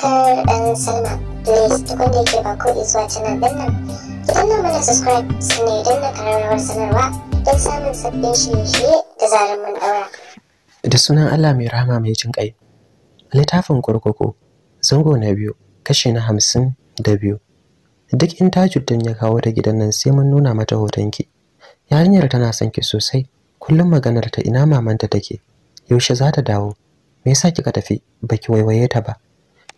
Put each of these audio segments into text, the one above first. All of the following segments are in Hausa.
subscribe and sign up. Please tukun da yake ba ko zuwa canal din nan. Ki danna mana subscribe sannan idan na kararrawar sanarwa don samun sabbin shirye-shirye da zarar mun Da sunan Allah mai rahama mai jin ƙai. Littafin kurkuku zango na biyu kashi na hamsin da biyu. Duk in tajuddin ya kawo ta gidan nan sai mun nuna mata hotonki. Yarinyar tana son ki sosai kullum maganar ta ina mamanta take yaushe za ta dawo me yasa kika tafi baki waiwaye ta ba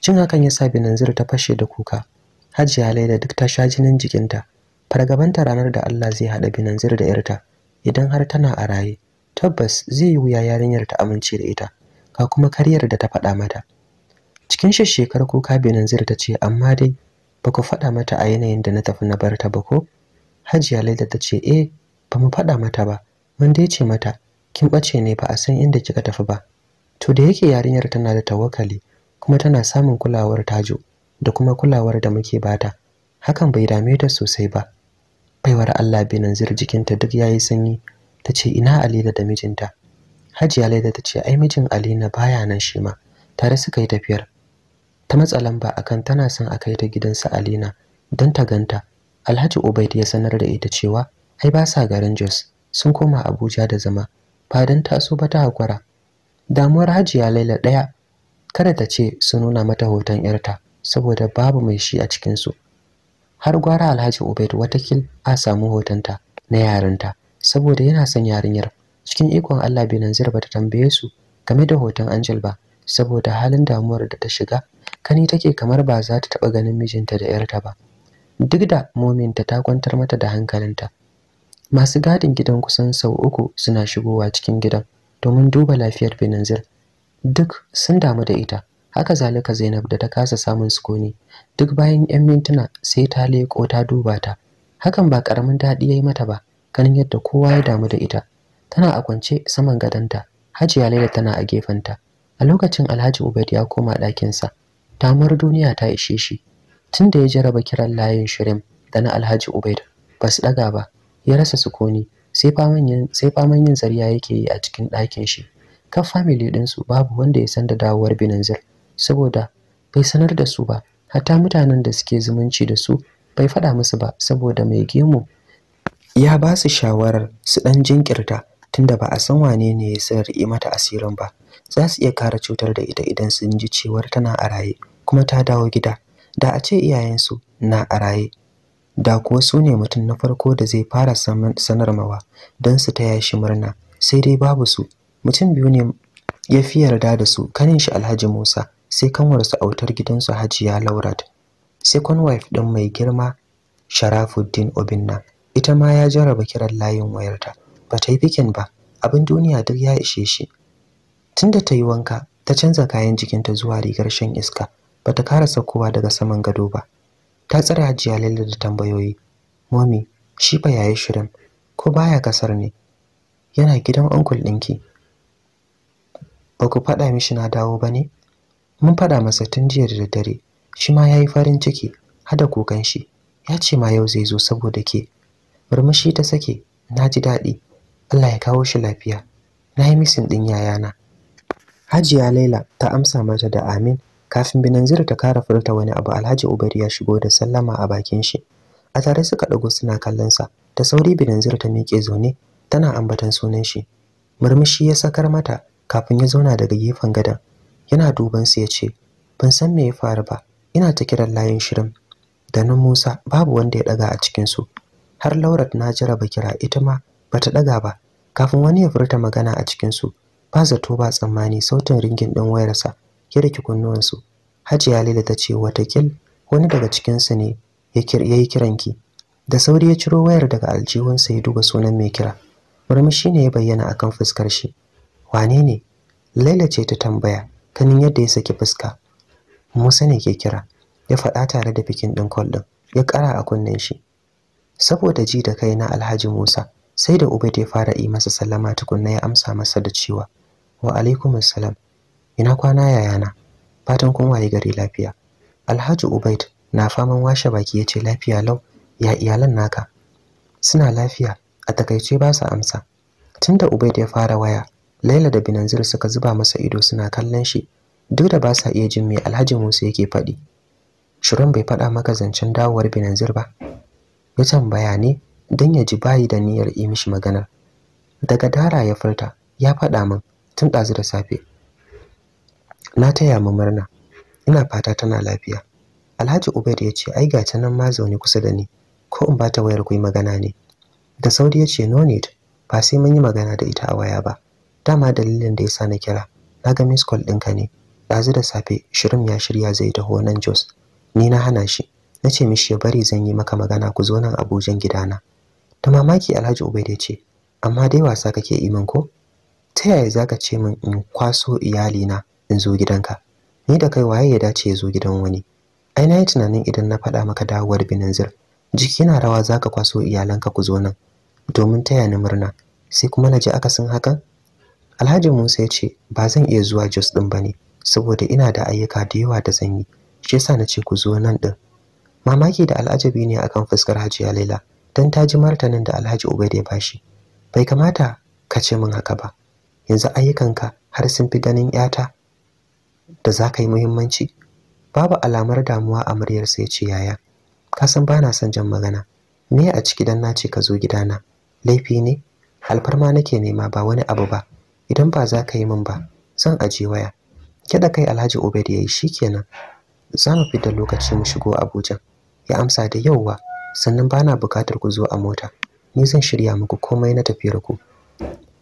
Jin hakan ya sa Binanzir ta fashe da kuka. Hajiya Laila duk ta sha jinin jikinta. Fargabanta ranar da Allah zai haɗa Binanzir da ‘yarta idan har tana a raye. Tabbas zai yi wuya yarinyar ta amince da ita, ka kuma karyar da ta faɗa mata. Cikin shekar kuka Binanzir ta ce, amma dai ba ku faɗa mata a yanayin da na tafi na bar ta ba ko? Hajiya Laila ta ce, eh, ba mu faɗa mata ba, mun dai ce mata, kin ɓace ne ba a san inda kika tafi ba. To da yake yarinyar tana da tawakali, kuma tana samun kulawar tajo da kuma kulawar da muke bata hakan bai dame ta sosai ba baiwar Allah binanzir jikinta duk yayi sanyi tace ina Alida da mijinta Hajiya Laida tace ai mijin Alina baya nan shi ma tare suka yi tafiyar ta matsa lamba akan tana son a kai ta gidansa Alina don ta ganta Alhaji Ubaid ya sanar da ita cewa ai ba sa garin Jos sun koma Abuja da zama ba don taso ba ta hakura damuwar Hajiya Laila daya kada ta ce su nuna mata hoton yarta saboda babu mai shi a cikinsu har gwara alhaji ubaid watakil a samu hotonta na yarinta saboda yana son yarinyar cikin ikon allah binanzir ba ta tambaye su game da hoton angel ba saboda halin damuwar da ta shiga kani take kamar ba za ta taɓa ganin mijinta da yarta ba duk da mominta ta kwantar mata da hankalinta masu gadin gidan kusan sau uku suna shigowa cikin gidan domin duba lafiyar binanzir duk sun damu da ita haka zalika Zainab da ta kasa samun sukuni duk bayan 'yan mintuna sai ta leƙo ta duba ta hakan ba karamin daɗi ya yi mata ba ganin yadda kowa ya damu da ita tana a kwance saman gadonta Hajiya Laila tana a gefenta a lokacin Alhaji Ubaid ya koma ɗakinsa tamar duniya ta ishe shi tunda ya jaraba kiran layin shirim da na Alhaji Ubaid ba su ɗaga ba ya rasa sukuni sai faman yin sai faman yin zariya yake yi a cikin ɗakin shi ka family ɗinsu babu wanda ya san da dawowar Binanzir saboda bai sanar da su ba hatta mutanen da suke zumunci da su bai faɗa musu ba saboda mai gemu ya ba su shawarar su ɗan jinkirta tunda ba a san wane ne ya yi mata asirin ba za su iya kara cutar da ita idan sun ji cewar tana a raye kuma ta dawo gida da a ce iyayensu na a raye da kuwa su ne mutum na farko da zai fara sanarmawa don su taya shi murna sai dai babu su mutum biyu ne ya fi yarda da su kanin shi Alhaji Musa sai kanwarsa autar gidansu Hajiya Laurat second wife din mai girma Sharafuddin Obinna ita ma ya jaraba kiran layin wayarta ba ta yi bikin ba abin duniya duk ya ishe shi tunda ta yi wanka ta canza kayan jikinta zuwa rigar shan iska ba ta kara saukowa daga saman gado ba ta tsare Hajiya lalle da tambayoyi momi shi ba yayi shirin ko baya kasar ne yana gidan onkul ɗinki ba ku faɗa mishi na dawo ba ne mun faɗa masa tun jiya da daddare shi ma ya yi farin ciki hada kukan shi ya ce ma yau zai zo saboda ke murmushi ta sake na ji daɗi allah ya kawo shi lafiya na yi misin ɗin yayana hajiya laila ta amsa mata da amin kafin binanzir ta kara furta wani abu alhaji ubari ya shigo da sallama a bakin shi a tare suka ɗago suna kallon sa, da sauri binanzir ta miƙe zaune tana ambatan sunan shi murmushi ya sakar mata kafin ya zauna daga gefen gadon yana duban su ya ce ban san me ya faru ba ina ta kiran layin shirin da nan Musa babu wanda ya daga a cikin su har Laurat na jira ba kira ita ma bata daga ba kafin wani ya furta magana a cikin su ba zato ba tsammani sautin ringin din wayarsa ya daki kunnuwan su Hajiya Lila ta ce watakil wani daga cikin su ne ya yi kiranki da sauri ya ciro wayar daga aljihunsa ya duba sunan mai kira murmushi ne ya bayyana akan fuskar shi wane ne laila ce ta tambaya kanin yadda ya saki fuska musa ne ke kira ya faɗa tare da bikin ɗin kwal ɗin ya ƙara a kunnen shi saboda ji da kai na alhaji musa sai da ubaid ya fara yi masa sallama tukunna ya amsa masa da cewa wa alaikum salam ina kwana yayana fatan kun waye gari lafiya alhaji ubaid na faman washe baki ya ce lafiya lau ya iyalan naka suna lafiya a takaice ba su amsa tunda ubaid ya fara waya Laila da Binanzir suka zuba masa ido suna kallon shi duk da ba sa iya jin me Alhaji Musa yake faɗi. Shirin bai faɗa maka zancen dawowar Binanzir ba. Ya tambaya ne don ya ji bayi da niyyar yi mishi magana. Daga dara ya furta ya faɗa min tun ɗazu da safe. Na taya mu murna ina fata tana lafiya. Alhaji Ubaid ya ce ai gata nan ma zaune kusa da ni ko in ba ta wayar ku yi magana ne. Da Saudi ya ce no need ba sai mun yi magana da ita a waya ba. dama dalilin da ya sa na kira na ga miss call ɗinka ne ɗazu da safe shirin ya shirya zai taho nan jos ni na hana shi na ce mishi ya bari zan yi maka magana ku zo nan abujan gidana ta mamaki alhaji ubaid ya ce amma dai wasa kake yi min ko ta yaya za ka ce min in kwaso iyalina in zo gidanka ni da kai waye ya dace ya zo gidan wani ai na yi tunanin idan na faɗa maka dawowar zir? jiki na rawa za ka kwaso iyalanka ku zo nan domin taya ni murna sai kuma na ji akasin hakan Alhaji Musa ya ce ba zan iya zuwa Jos din ne, saboda ina da ayyuka da yawa da zan yi shi yasa na ce ku zo nan din mamaki da al'ajabi ne akan fuskar Hajiya Laila dan ta ji martanin da Alhaji Ubaid ya bashi bai kamata ka ce min haka ba yanzu ayyukanka har sun fi ganin yata da za ka yi muhimmanci babu alamar damuwa a muryarsa ya ce yaya ka san bana son jan magana me a ciki dan na ce ka zo gidana laifi ne alfarma nake nema ba wani abu ba idan ba za ka yi min ba zan aje waya kada kai Alhaji Ubaid shi kenan. za mu fi da lokaci mu shigo Abuja ya amsa da yauwa sannan bana bukatar ku zo a mota ni zan shirya muku komai na tafiyar ku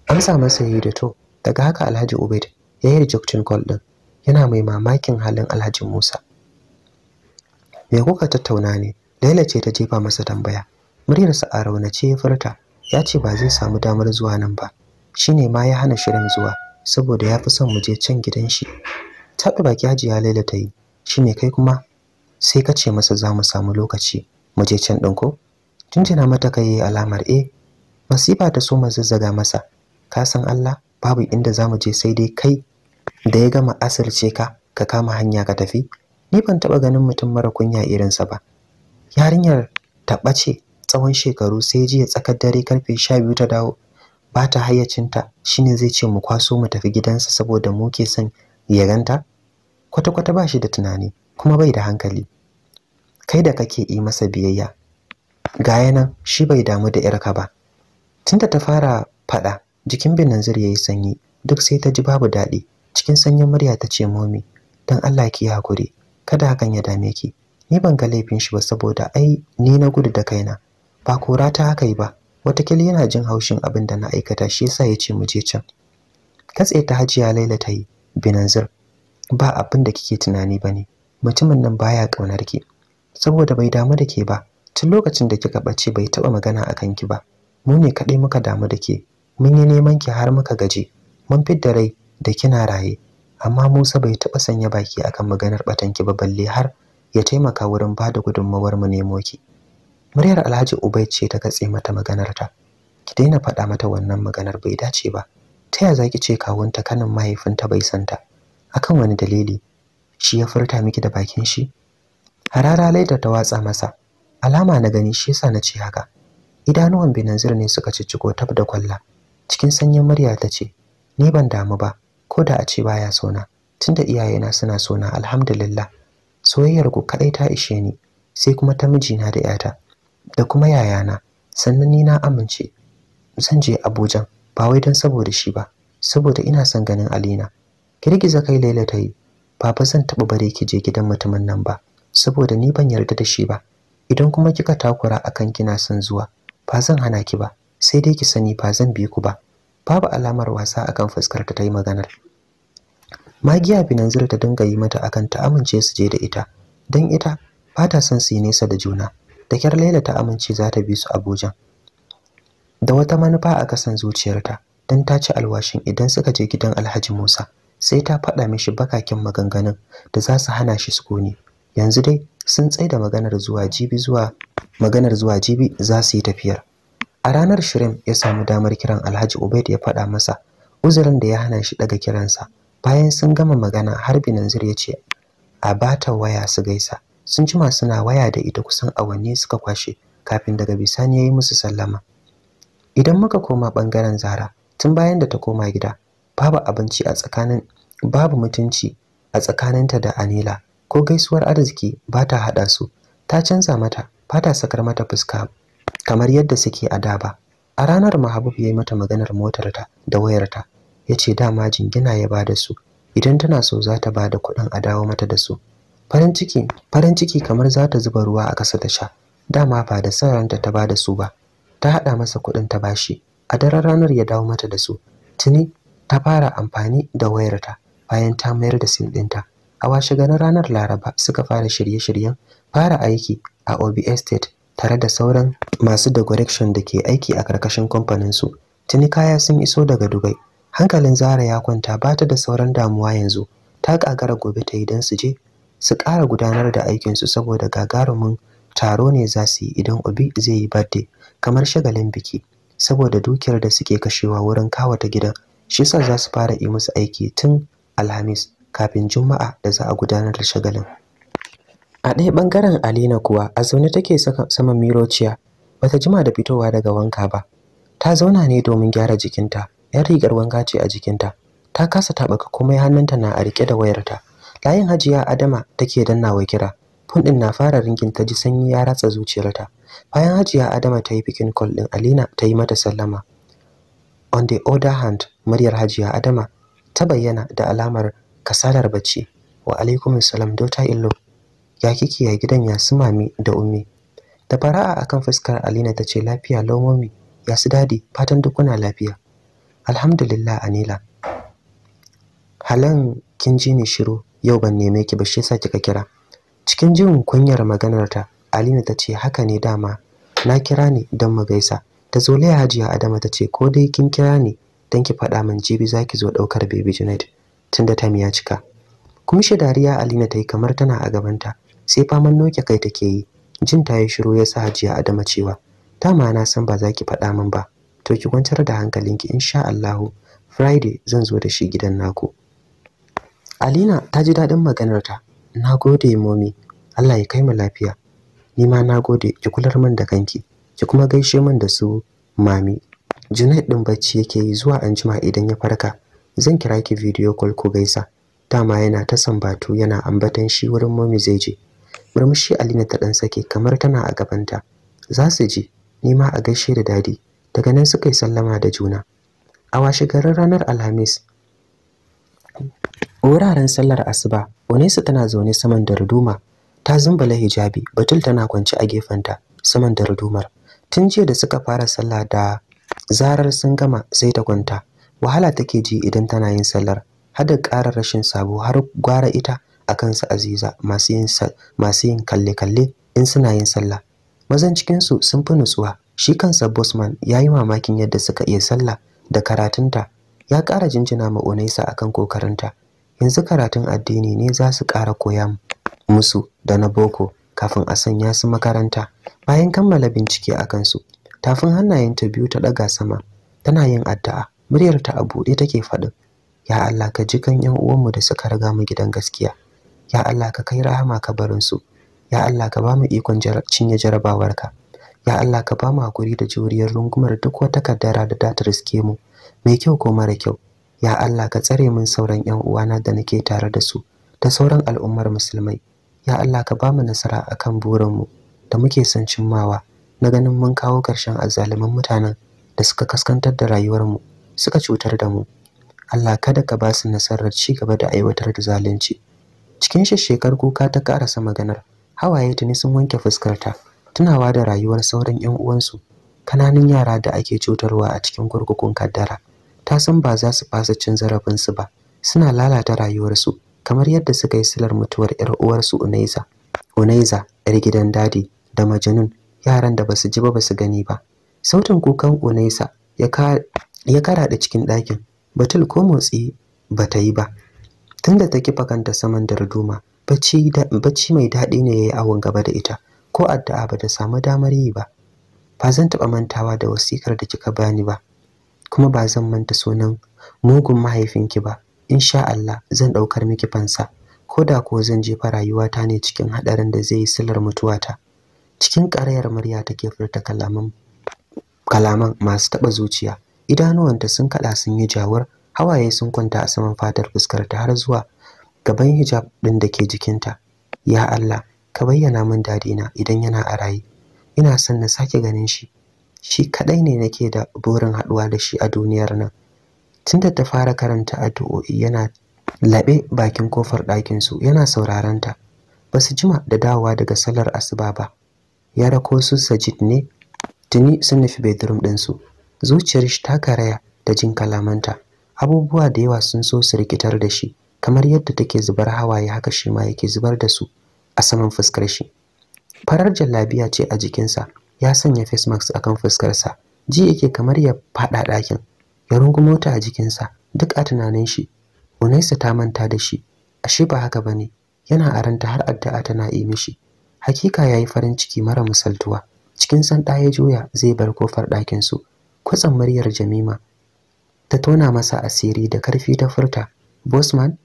amsa masa yayi da to daga haka Alhaji obed ya yi rejection call din yana mai mamakin halin Alhaji Musa me kuka tattauna ne Laila ce ta jefa masa tambaya muryarsa a raunace ya furta ya ce ba zai samu damar zuwa nan ba shine ma ya hana shirin zuwa saboda ya fi son mu je can gidan shi taɓa baki hajiya laila ta yi shine kai kuma sai ka ce masa za mu samu lokaci mu je can ɗin ko tuntuna mata ka yi alamar e masifa ta so zazzaga masa ka san Allah babu inda za mu je sai dai kai da ya gama asirce ka ka kama hanya ka tafi ni ban taɓa ganin mutum mara kunya irinsa ba yarinyar ta ɓace tsawon shekaru sai jiya tsakar dare karfe sha biyu ta dawo ba ta hayyacinta ne zai ce mu kwaso mu tafi gidansa saboda mu ke son ya kwata-kwata ba shi da tunani kuma bai da hankali kai da kake yi masa biyayya ga yanan shi bai damu da yarka ba tunda ta fara fada jikin Binanzir yayi sanyi duk sai ta ji babu daɗi cikin sanyin murya ta ce momi dan Allah ki hakuri kada hakan ya dame ki ni ban ga laifin shi ba saboda ai ni na gudu da kaina ba kora ta haka yi ba watakila yana jin haushin abin da na aikata shi yasa ya ce mu je can katse ta hajiya laila ta yi binanzir ba abin da kike tunani bane mutumin nan baya ƙaunar ki saboda bai damu da ke ba tun lokacin da kika ɓace bai taɓa magana akan ki ba mu ne kadai muka damu da ke mun yi neman ki har muka gaji mun fidda rai da kina raye amma Musa bai taɓa sanya baki akan maganar batanki ba balle har ya taimaka wurin bada da gudunmawar mu nemo ki muryar alhaji ubai ce ta katse mata maganarta ki daina faɗa mata wannan maganar bai dace ba ta ya zaki ce kawunta kanin mahaifinta bai santa akan wani dalili shi ya furta miki da bakin shi harara laida ta watsa masa alama na gani shi yasa na ce haka idanuwan binanzir ne suka cicciko tab da kwalla cikin sanyin murya ta ce ni ban damu ba ko da a ce baya sona tunda iyayena suna sona alhamdulillah soyayyar ku kadai ta ishe ni sai kuma ta mijina da yata da kuma yayana sannan ni na amince zan je Abuja ba wai don saboda shi ba saboda ina son ganin Alina girgiza kai Laila ta yi Baba zan taɓa bare ki je gidan mutumin nan ba saboda ni ban yarda da shi ba idan kuma kika takura akan kina son zuwa ba zan hana ki ba sai dai ki sani ba zan bi ku ba babu alamar wasa akan fuskar ta yi maganar magiya binanzir ta dinga yi mata akan ta amince su je da ita don ita ba ta son su yi nesa da juna da kyar Laila ta amince za ta bi su Abuja da wata manufa a kasan zuciyarta dan ta ci alwashin idan suka je gidan Alhaji Musa sai ta faɗa mishi bakakin maganganun da za su hana shi sukuni yanzu dai sun tsaida maganar zuwa jibi zuwa maganar zuwa jibi za su yi tafiyar a ranar shirin ya samu damar kiran Alhaji Ubaid ya faɗa masa uzurin da ya hana shi daga kiransa bayan sun gama magana har Binanzir ya ce a bata waya su gaisa sun jima suna waya da ita kusan awanni suka kwashe kafin daga bisani ya yi musu sallama idan muka koma ɓangaren zara tun bayan da ta koma gida babu abinci a tsakanin babu mutunci a tsakaninta da anila ko gaisuwar arziki ba ta haɗa su ta canza mata ba ta sakar mata fuska kamar yadda suke a da a ranar mahabub ya yi mata maganar motarta da wayarta ya ce dama jingina ya ba da su idan tana so za ta ba da kuɗin a dawo mata da su farin ciki farin ciki kamar za ta zuba ruwa a kasa ta sha dama ba da sa ranta ta da su ba ta haɗa masa kuɗin ta bashi a daren ranar ya dawo mata da su tuni ta fara amfani da wayarta bayan ta mayar da sim ɗinta a washe ganin ranar laraba suka fara shirye-shiryen fara aiki a obi estate tare da sauran masu decoration da ke aiki a karkashin su tuni kaya sun iso daga dubai hankalin zara ya kwanta ba ta da sauran damuwa yanzu ta ƙagara gobe ta yi don su je su ƙara gudanar da aikinsu saboda gagarumin taro ne za su yi idan obi zai yi birthday kamar shagalin biki saboda dukiyar da suke kashewa wurin kawata gidan shi sa za su fara yi musu aiki tun alhamis kafin juma'a da za a gudanar da shagalin a ɗaya ɓangaren alina kuwa a zaune take saman mirociya bata jima da fitowa daga wanka ba ta zauna ne domin gyara jikinta yan rigar wanka ce a jikinta ta kasa taɓaka komai hannunta na a riƙe da wayarta yayin hajiya adama take dannawa kira fundin ɗin na fara ringin ta ji sanyi ya ratsa zuciyarta bayan hajiya adama ta yi bikin call ɗin alina ta yi mata sallama on the other hand maryar hajiya adama ta bayyana da alamar kasalar bacci wa alaikum salam daughter in ya kike ya gidan ya su mami da ummi da fara'a akan fuskar alina ta ce lafiya lau mami ya su dadi fatan duk kuna lafiya alhamdulillah anila halan kin ji ni shiru yau ban neme ki ba shi yasa kika kira cikin jin kunyar maganar ta Alina ta ce haka ne dama na kira ne don mu gaisa ta zo laya hajiya Adama ta ce ko dai kin kira ne dan ki faɗa min jibi zaki zo ɗaukar baby Junaid tunda Tami ya cika kuma shi dariya Alina ta yi kamar tana a gabanta sai faman noke kai take yi jin ta yi shiru ya sa hajiya Adama cewa dama na san ba za ki faɗa min ba to ki kwantar da hankalinki insha Allahu Friday zan zo da shi gidan naku Alina ta ji daɗin maganarta. Na gode momi. Allah ya kai mu lafiya. Ni ma na gode ki kular min da kanki. Ki kuma gaishe min da su mami. Junaid din bacci yake yi zuwa anjima idan ya farka. Zan kira ki video call ko gaisa. Dama yana ta sambatu yana ambatan shi wurin momi zai je. Murmushi Alina ta ɗan sake kamar tana a gabanta. Za su je. Ni ma a gaishe da dadi. Daga nan suka yi sallama da juna. A washe garin ranar Alhamis, wuraren sallar asuba Onesa tana zaune saman da darduma ta zumbala hijabi Batul tana kwance a gefenta saman da rudumar tun jiya da suka fara sallah da zarar sun gama sai ta kwanta wahala take ji idan tana yin sallar har da ƙarar rashin sabo har gwara ita a kansu aziza masu yin kalle-kalle in suna yin sallah mazan cikinsu sun fi nutsuwa shi kansa bosman ya yi mamakin yadda suka iya sallah da karatunta ya ƙara jinjina ma Onesa akan kokarinta yanzu karatun addini ne za su ƙara koya musu da na boko kafin a sanya su makaranta bayan kammala bincike a kansu tafin hannayen ta biyu ta ɗaga sama tana yin addu'a muryarta a buɗe take faɗin ya Allah ka ji kan yan uwanmu da suka riga mu gidan gaskiya ya Allah ka kai rahama ka barin su ya Allah ka ba mu ikon cinye jarabawarka ya Allah ka ba mu hakuri da juriyar rungumar duk wata kaddara da ta riske mu mai kyau ko mara kyau ya Allah ka tsare min sauran 'yan uwana da nake tare da su da sauran al'ummar musulmai ya Allah ka bamu nasara akan mu da muke son cimmawa na ganin mun kawo ƙarshen azzaluman mutanen da suka kaskantar da rayuwar mu suka cutar da mu Allah kada ka ba su nasarar ci gaba da aiwatar da zalunci cikin shekar kuka ta karasa maganar hawaye tuni sun wanke fuskarta tunawa da rayuwar sauran 'yan uwansu kananan yara da ake cutarwa a cikin kurkukun kaddara ta san ba za su fasa cin zarafinsu ba suna lalata rayuwarsu kamar yadda suka yi silar mutuwar 'yar uwarsu Unaiza Unaiza 'yar gidan dadi da majanun, yaran da basu ji ba basu gani ba sautin kukan Unaiza ya ka ya cikin ɗakin Batul ko motsi ba ta yi ba tunda ta kifa kanta saman darduma bacci bacci mai daɗi ne yayi awon gaba da ita ko addu'a ba ta samu damar yi ba ba zan taɓa mantawa da wasikar da kika bani ba kuma ba zan manta sunan mugun mahaifinki ba insha Allah zan daukar miki fansa koda ko zan jefa rayuwata ne cikin hadarin da zai yi silar mutuwata cikin karayar murya take furta kalaman kalaman masu taba zuciya idanuwanta sun kada sun yi jawar hawaye sun kwanta a saman fatar fuskar ta har zuwa gaban hijab din da ke jikinta ya Allah ka bayyana min dadina idan yana a raye ina son na sake ganin shi shi kaɗai ne nake da burin haɗuwa da shi a duniyar nan tunda ta fara karanta addu'o'i yana laɓe bakin kofar ɗakinsu yana sauraron ta ba su jima da dawowa daga sallar asuba ba ya rako su sajid ne tuni sun nufi bedroom su zuciyar shi ta karaya da jin kalamanta abubuwa da yawa sun so su rikitar da shi kamar yadda take zubar hawaye haka shi ma yake zubar da su a saman fuskar shi farar jallabiya ce a jikinsa ya sanya face mask kan fuskarsa ji yake kamar ya fada ɗakin ya rungu mota a jikinsa duk a tunanin shi unaisa ta manta da shi ashe ba haka bane yana aranta har addu'a tana yi mishi hakika yayi farin ciki mara misaltuwa cikin san ya juya zai bar kofar ɗakin su kwatsan muryar jamima ta tona masa asiri da karfi ta furta bosman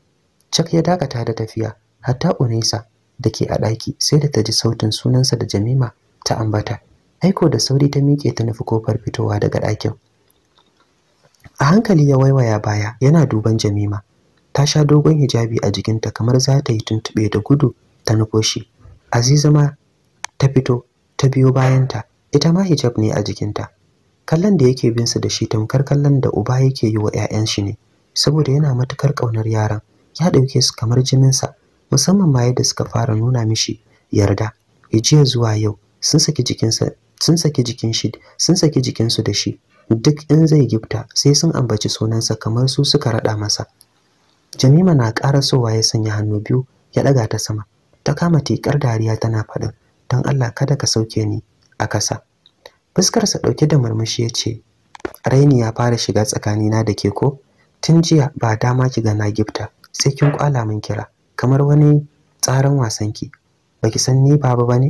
chak ya dakata da tafiya hatta Unesa da ke a ɗaki sai da ta ji sautin sunansa da Jamima ta ambata. aiko da sauri ta miƙe ta nufi kofar fitowa daga ɗakin a hankali ya waiwaya baya yana duban jamima ta sha dogon hijabi a jikinta kamar za ta yi tuntuɓe da gudu ta nufo shi aziza ma ta fito ta biyo bayanta ita ma hijab ne a jikinta kallon da yake bin su da shi tamkar kallon da uba yake yi wa 'ya'yan shi ne saboda yana matukar ƙaunar yaran ya ɗauke su kamar jininsa musamman ma yadda suka fara nuna mishi yarda ya zuwa yau sun saki jikinsa sun saki jikin shi sun saki jikinsu da shi duk in zai gifta sai sun ambaci sunansa kamar su suka rada masa jamima na karasowa ya sanya hannu biyu ya daga ta sama ta kama tikar dariya tana faɗin don allah kada ka sauke ni a kasa fuskarsa ɗauke da murmushi ya ce raini ya fara shiga tsakanina da ke ko tun jiya ba dama ki ga na gifta sai kin kwala min kira kamar wani tsarin wasanki baki san ni baba bane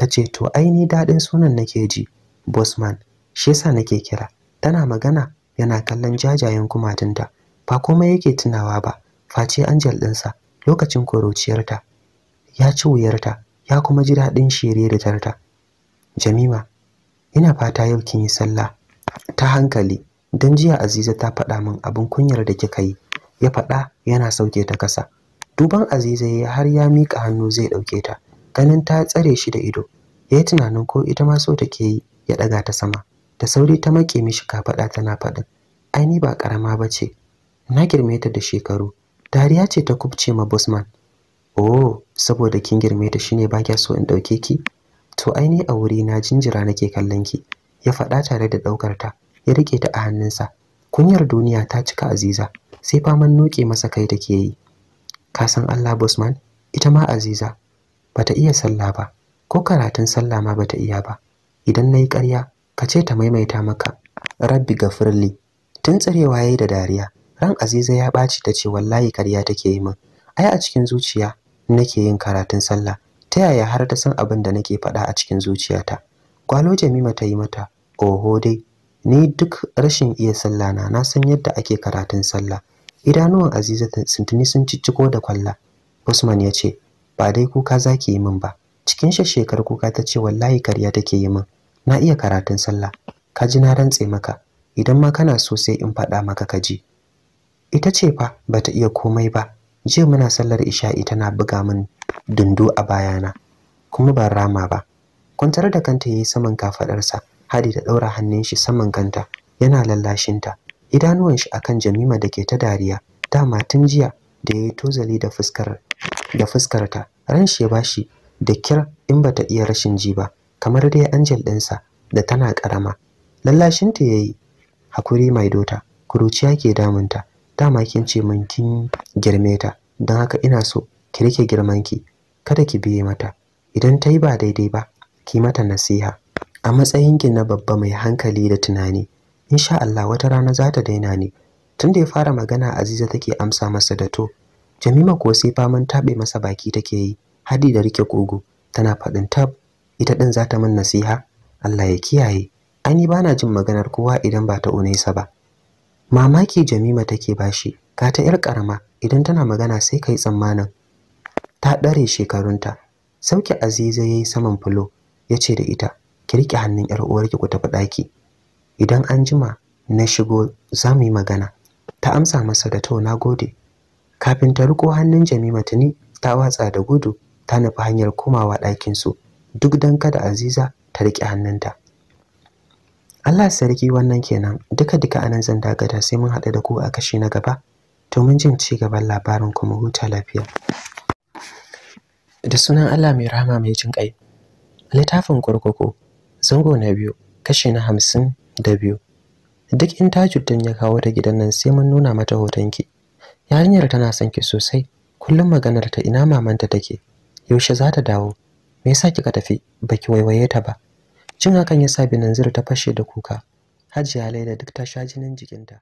ta ce to aini daɗin sunan nake ji bosman shi yasa nake kira tana magana yana kallon jajayen kumatunta ba komai yake tunawa ba face angel ɗinsa lokacin korociyarta ya ci wuyarta ya kuma ji daɗin da tarta jamima ina fata yau kin yi sallah ta hankali don jiya aziza ta faɗa min abin kunyar da kika yi ya faɗa yana sauke ta kasa duban aziza ya har ya miƙa hannu zai ɗauke ta ganin ta tsare shi da ido ya yi tunanin ko ita ma so ta ke yi ya ɗaga ta sama da sauri ta maƙe mishi kafaɗa tana faɗin ai ni ba ƙarama ba ce na girme ta da shekaru dariya ce ta kubce ma busman. oh saboda kin girme ta shine ba kya so in ɗauke ki to ai ni a wuri na jinjira nake kallon ki ya faɗa tare da ɗaukar ta ya rike ta a hannunsa kunyar duniya ta cika aziza sai faman noke masa kai ke yi ka san Allah busman? ita ma Aziza bata iya sallah ba ko karatun sallah ma bata iya ba idan nayi karya, ka ce ta maimaita maka rabbi gafirli tun tsarewa yayi da dariya ran aziza ya ɓaci ta ce wallahi ƙarya take yi min ai a cikin zuciya nake yin karatun sallah ta yaya har ta san abin da nake faɗa a cikin zuciyata gwalo jamima ta yi mata oho dai ni duk rashin iya sallah na na san yadda ake karatun sallah idanuwan aziza sun tuni sun cicciko da kwalla usman ya ce ba dai kuka zaki yi min ba cikin shekar kuka ta ce wallahi karya take yi min na iya karatun sallah ka ji na rantse maka idan ma kana so sai in faɗa maka ka ji ita ce fa bata iya komai ba jiya muna sallar isha'i tana buga min dundu a bayana kuma ban rama ba kwantar da kanta yayi saman kafadarsa hadi da daura hannun shi saman kanta yana lallashin ta idanuwan shi akan Jamima da ke ta dariya dama tun jiya da yayi tozali da fuskar da fuskarta ran shi bashi da kir in bata iya rashin ji ba kamar dai angel ɗinsa da tana ƙarama lallashinta yayi hakuri mai dota kuruciya ke ta. dama kin ce min kin girme ta don haka ina so ki rike ki. kada ki biye mata idan ta yi ba daidai ba ki mata nasiha a matsayinki na babba mai hankali da tunani insha Allah wata rana za ta daina ne tun da ya fara magana Aziza take amsa masa da to Jamima ko sai faman taɓe masa baki take yi, hadi da rike kogo, tana faɗin tab, ita din za ta min nasiha, Allah ya kiyaye, ani bana jin maganar kowa idan ba ta unaisa ba. Mamaki Jamima take bashi, ka ta ‘yar ƙarama idan tana magana sai ka tsammanin. Ta ɗare shekarunta, sauke Aziza ya yi saman fulo, yace da ita, ki rike hannun ‘yar uwarki ku tafi ɗaki. Idan an jima na shigo za mu yi magana. Ta amsa masa da to na gode, kafin ta riko hannun Jamima tuni ta watsa da gudu ta nufi hanyar komawa ɗakin su duk dan kada Aziza ta riƙe hannunta Allah sarki wannan kenan duka duka anan zan gada sai mun haɗa da ku a kashi na gaba to mun jin ci gaban labarin kuma huta lafiya da sunan Allah mai rahama mai jin ƙai littafin kurkuku zango na biyu kashi na hamsin da biyu duk in tajuddin ya kawo ta gidan nan sai mun nuna mata hotonki yarinyar tana son ki sosai kullum maganar ta ina mamanta take yaushe za ta dawo me yasa kika tafi baki waiwaye ta ba cin hakan yasa binanzir ta fashe da kuka hajiya laila duk ta sha jinin jikinta